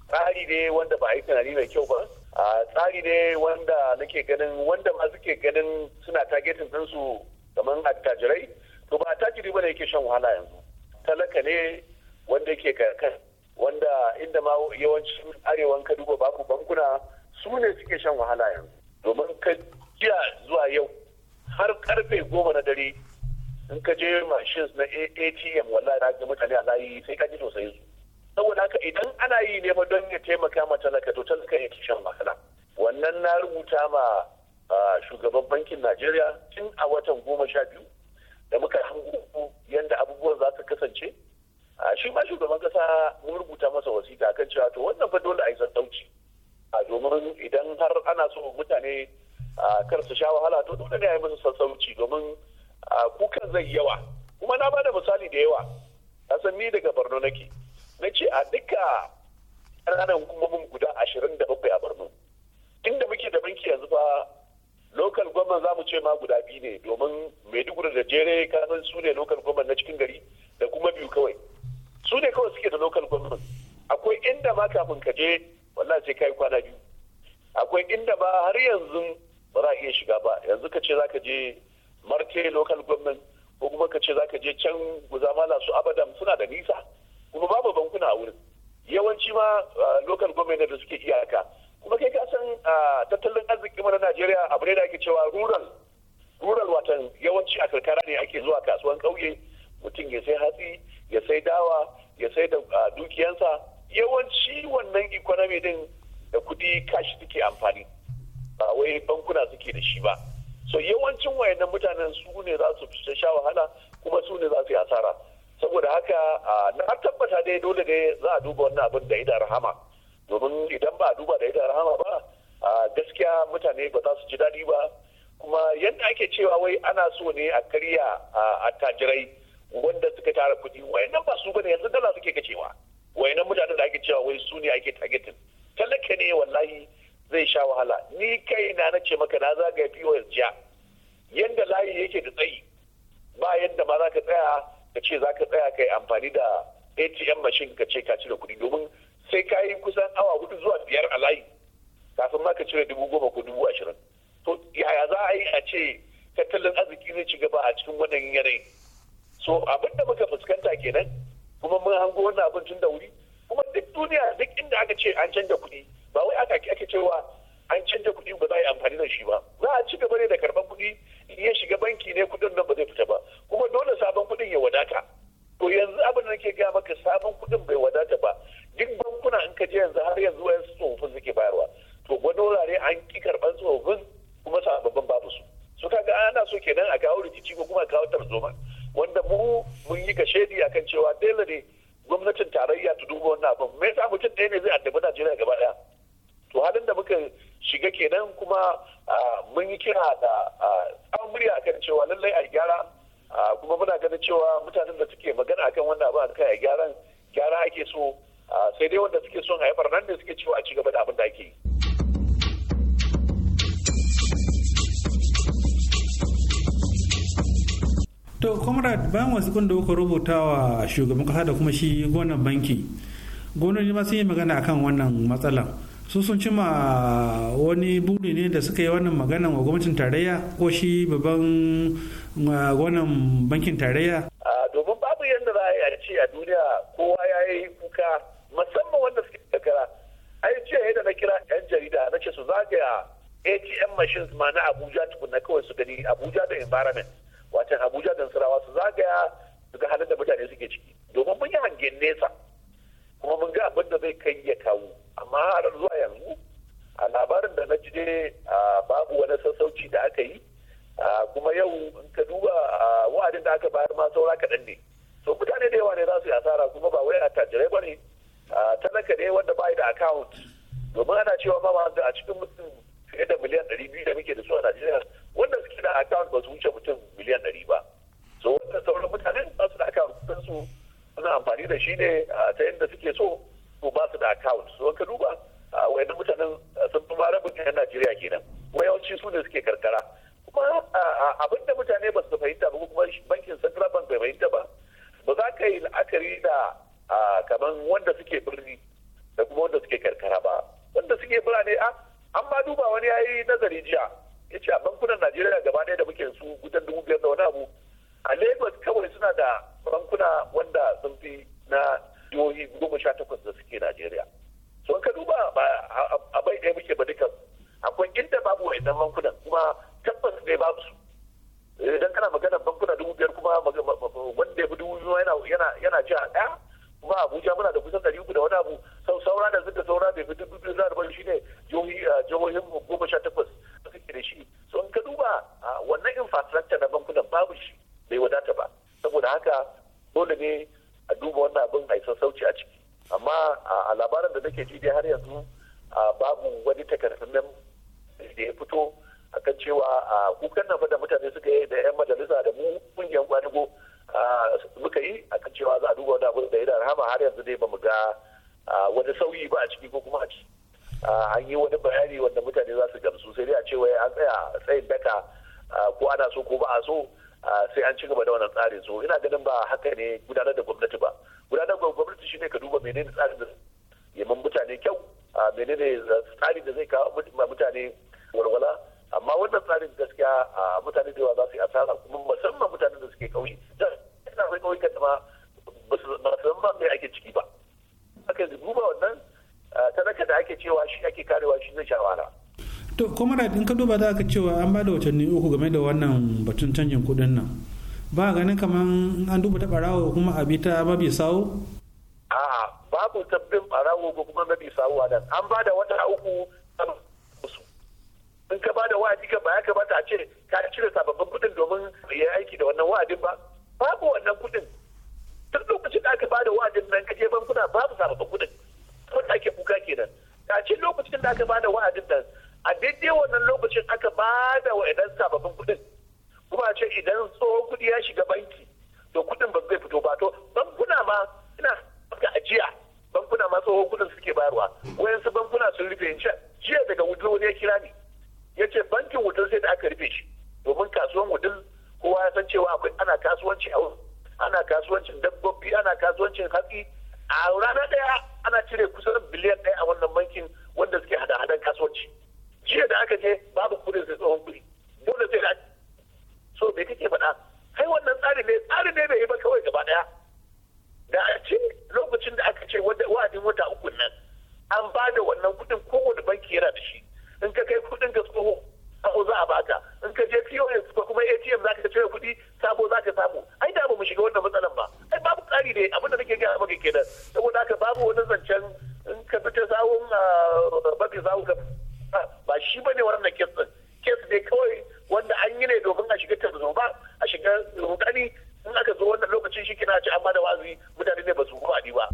tsari ne wanda ba a yi tunani mai kyau ba a tsari ne wanda nake ganin wanda ma suke ganin suna targetin ɗinsu kamar attajirai to ba attajiri ba ne yake shan wahala yanzu talaka ne wanda ke karkar wanda inda ma yawancin arewan ka duba babu bankuna su ne suke shan wahala yanzu domin ka jiya zuwa yau har karfe goma na dare in ka je machines na atm wala na ga mutane a layi sai ka ji sosai su saboda haka idan ana yi ne ma don ya taimaka ma talaka to talaka ya ke shan wahala wannan na rubuta ma shugaban bankin najeriya tun a watan goma sha biyu da muka hango yanda abubuwan za su kasance shi ma shugaban kasa mun rubuta masa wasiƙa kan cewa to wannan fa dole a yi a domin idan har ana so mutane kar su sha wahala to dole ne a yi musu sassauci domin kukan zai yawa kuma na bada misali da yawa san ni daga borno nake na ce a duka ƙananan hukumomin guda ashirin da bakwai a borno inda muke da banki yanzu fa lokal gwamnan za mu ce ma guda biyu ne domin maiduguri da jere kasan su ne lokal gwamnan na cikin gari da kuma biyu kawai su ne kawai suke da local government akwai inda ma kafin ka je wallahi sai kai kwana biyu akwai inda ba har yanzu ba za a iya shiga ba yanzu ka ce za ka je marte local government ko kuma ka ce za ka je can guzamala su abadan suna da nisa kuma babu bankuna a wurin yawanci ma local government da suke iyaka kuma kai ka san tattalin arziki na najeriya abu ne da ake cewa rural rural watan yawanci a karkara ne ake zuwa kasuwan kauye mutum ya sai hatsi ya sai dawa ya sai da ah, dukiyansa yawanci wannan economy din da kudi kashi suke amfani ba wai bankuna suke da shi ba so yawancin wayannan mutanen su ne za su sha wahala kuma su ne za su yi asara saboda haka ah, na tabbata dai dole dai za a duba wannan abin da ida rahama domin idan ba a duba da ida rahama ba ah, gaskiya mutane ba za su ji daɗi ba kuma yadda ake cewa wai ana so ne a karya a tajirai wanda suka tara kuɗi wayannan ba su bane yanzu dala suke kacewa wayannan mutanen da ake cewa wai su ne ake targetin talaka ne wallahi zai sha wahala ni kai na na ce maka na zagaya POS jiya yanda layi yake da tsayi ba yanda ma za ka tsaya ka ce za ka tsaya ka amfani da ATM machine ka ce ka cire kuɗi domin sai ka yi kusan awa hudu zuwa biyar a layi kafin ma ka cire dubu goma ko dubu ashirin to yaya za a yi a ce tattalin arziki zai ci gaba a cikin wannan yanayin so abin da muka fuskanta kenan kuma mun hango wannan abin tun da wuri kuma duk duniya duk inda aka ce an canja kuɗi ba wai aka ake cewa an canja kuɗi ba za a yi amfani da shi ba za a ci gaba ne da karɓar kuɗi ya shiga banki ne kuɗin nan ba zai fita ba kuma dole sabon kuɗin ya wadata to yanzu abin da nake gaya maka sabon kuɗin bai wadata ba duk bankuna in ka je yanzu har yanzu wayan tsofin suke bayarwa to wani wurare an ƙi sakon da kuka rubuta wa shugaban kasa da kuma shi gonan banki gononi ma sun yi magana akan wannan matsalan su sun cima wani buri ne da suka yi wannan magana wa gwamnatin tarayya ko shi babban uh, gonan bankin tarayya domin babu yadda za a ce a duniya kowa ya yi kuka musamman wanda suke kakara ai ce yadda na kira yan jarida na ce su zagaya atm machines ma na abuja tukuna kawai su gani abuja da environment abin da mutane ba su fahimta ba kuma bankin central bank bai fahimta ba ba za ka yi la'akari da kamar wanda suke birni da kuma wanda suke karkara ba wanda suke birane a an ba duba wani ya yi nazari jiya ya ce a bankunan najeriya gaba ɗaya da muke su gudan dubu biyar da wani abu a lagos kawai suna da bankuna wanda sun fi na jihohi goma sha takwas da suke najeriya so ka duba a bai ɗaya muke ba dukkan. akwai inda babu nan bankunan kuma tabbas ne babu su eh, idan kana magana bankuna dubu biyar kuma wanda ya fi dubu biyu yana yana jiha ɗaya kuma abuja muna da kusan ɗari uku da wani abu sau saura da suka saura bai fi dubu biyu za a bari shine jihohin goma sha takwas da suke da shi so in ka duba wannan infrastructure na bankunan babu shi bai wadata ba saboda haka dole ne a duba wannan abin a yi sassauci a ciki amma a labarin da nake ji dai har yanzu babu wani nan da ya fito akan cewa a kukan nan da mutane suka yi da 'yan majalisa da mu kungiyar kwanigo muka yi akan cewa za a duba wani abu da ya rahama har yanzu dai ba mu ga wani sauyi ba a ciki ko kuma a ciki an yi wani bayani wanda mutane za su gamsu sai dai a cewa an tsaya tsayin daka ko ana so ko ba a so sai an ci gaba da wannan tsarin so ina ganin ba haka ne gudanar da gwamnati ba gudanar da gwamnati shine ka duba menene tsarin da yaman mutane kyau menene tsarin da zai kawo mutane walwala amma wannan tsarin gaskiya mutane da yawa za su yi asara kuma musamman mutane da suke kauye da yana kai kauye kan ma ba su ba ake ciki ba aka yi duba wannan talaka da ake cewa shi ake karewa shi zai sha wahala to kuma da in ka duba za ka cewa an ba da watanni uku game da wannan batun canjin kuɗin nan ba ganin kamar an duba ta barawo kuma a ta mabi sawo a'a babu tabbin barawo ko kuma mabi sawo a nan an ba da wata uku in ka ba da wa'adi ka ba ya kamata a ce ka cire sababbin kuɗin domin ya aiki da wannan wa'adin ba babu wannan kuɗin duk lokacin da aka ba da wa'adin nan ka je bankuna babu sababbin kuɗin wanda ake kuka kenan a ce lokacin da aka ba da wa'adin nan a daidai wannan lokacin aka ba da wa'idan sababbin kuɗin kuma a ce idan tsohon kuɗi ya shiga banki to kuɗin ba zai fito ba to bankuna ma ina ka ajiya bankuna ma tsohon kuɗin suke bayarwa wayansu bankuna sun rufe jiya daga wudurwa ne ya kira ni ya ce bankin wudil sai da aka rufe shi domin kasuwan wudil kowa ya san cewa akwai ana kasuwanci a ana kasuwancin dabbobi ana kasuwancin hatsi a rana daya ana cire kusan biliyan daya a wannan bankin wanda suke hada-hadan kasuwanci jiya da aka je babu kudin sai tsohon kudi dole sai da so me kake faɗa kai wannan tsari ne tsari ne bai yi ba kawai gaba daya da a ce lokacin da aka ce wa'adin wata uku nan an ba da wannan kudin kowane banki yana da shi in ka kai kuɗin ka tsoho sabo za a baka in ka je POS ko kuma ATM za ka cire kuɗi sabo za ka samu ai da ba mu shiga wannan matsalan ba ai babu tsari ne abinda nake gaya maka kenan saboda haka babu wani zancen in ka fita sawun ah, babin sawun ka ba shi bane wannan kes din kes ne kawai wanda an yi ne domin a shiga tarzoma a shiga rudani in aka zo wannan lokacin shi kina ci an ba da wazi mutane ne ba su kuma ba.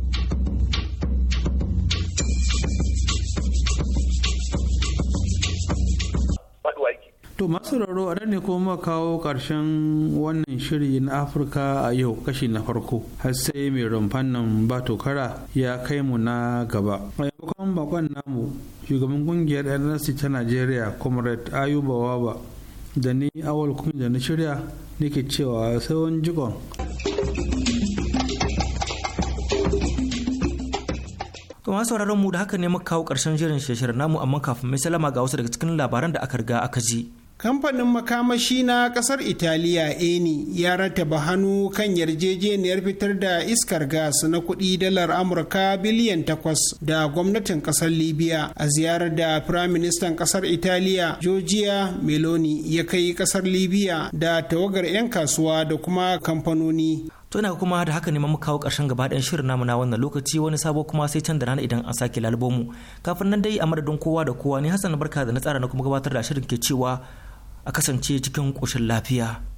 maɗuwaki. To masu raro a ne kuma kawo ƙarshen wannan shiri na Afirka a yau kashi na farko har sai mai rumfan nan ba tokara ya kai mu na gaba. A yankon bakon namu shugaban kungiyar NRC ta Najeriya Comrade Ayuba Waba da ni awal kuma na shirya nake cewa sai wani jikon. masu sauraron mu da haka ne muka kawo karshen jirin shirin namu amma kafin mai salama ga wasu daga cikin labaran da aka riga aka ji. Kamfanin makamashi na kasar Italiya Eni ya rattaba hannu kan yarjejeniyar fitar da iskar gas na kuɗi dalar Amurka biliyan takwas da gwamnatin kasar Libya a ziyarar da Firaministan kasar Italiya Giorgia Meloni ya kai kasar Libya da tawagar 'yan kasuwa da kuma kamfanoni. To ina kuma da haka ne mu kawo ƙarshen gaba ɗayan shirin namu na wannan lokaci wani sabo kuma sai can da rana idan an sake lalbomu. Kafin nan dai a madadin kowa da kowa ne Hassan barka da na tsara na kuma gabatar da shirin ke cewa a kasance cikin ƙoshin lafiya.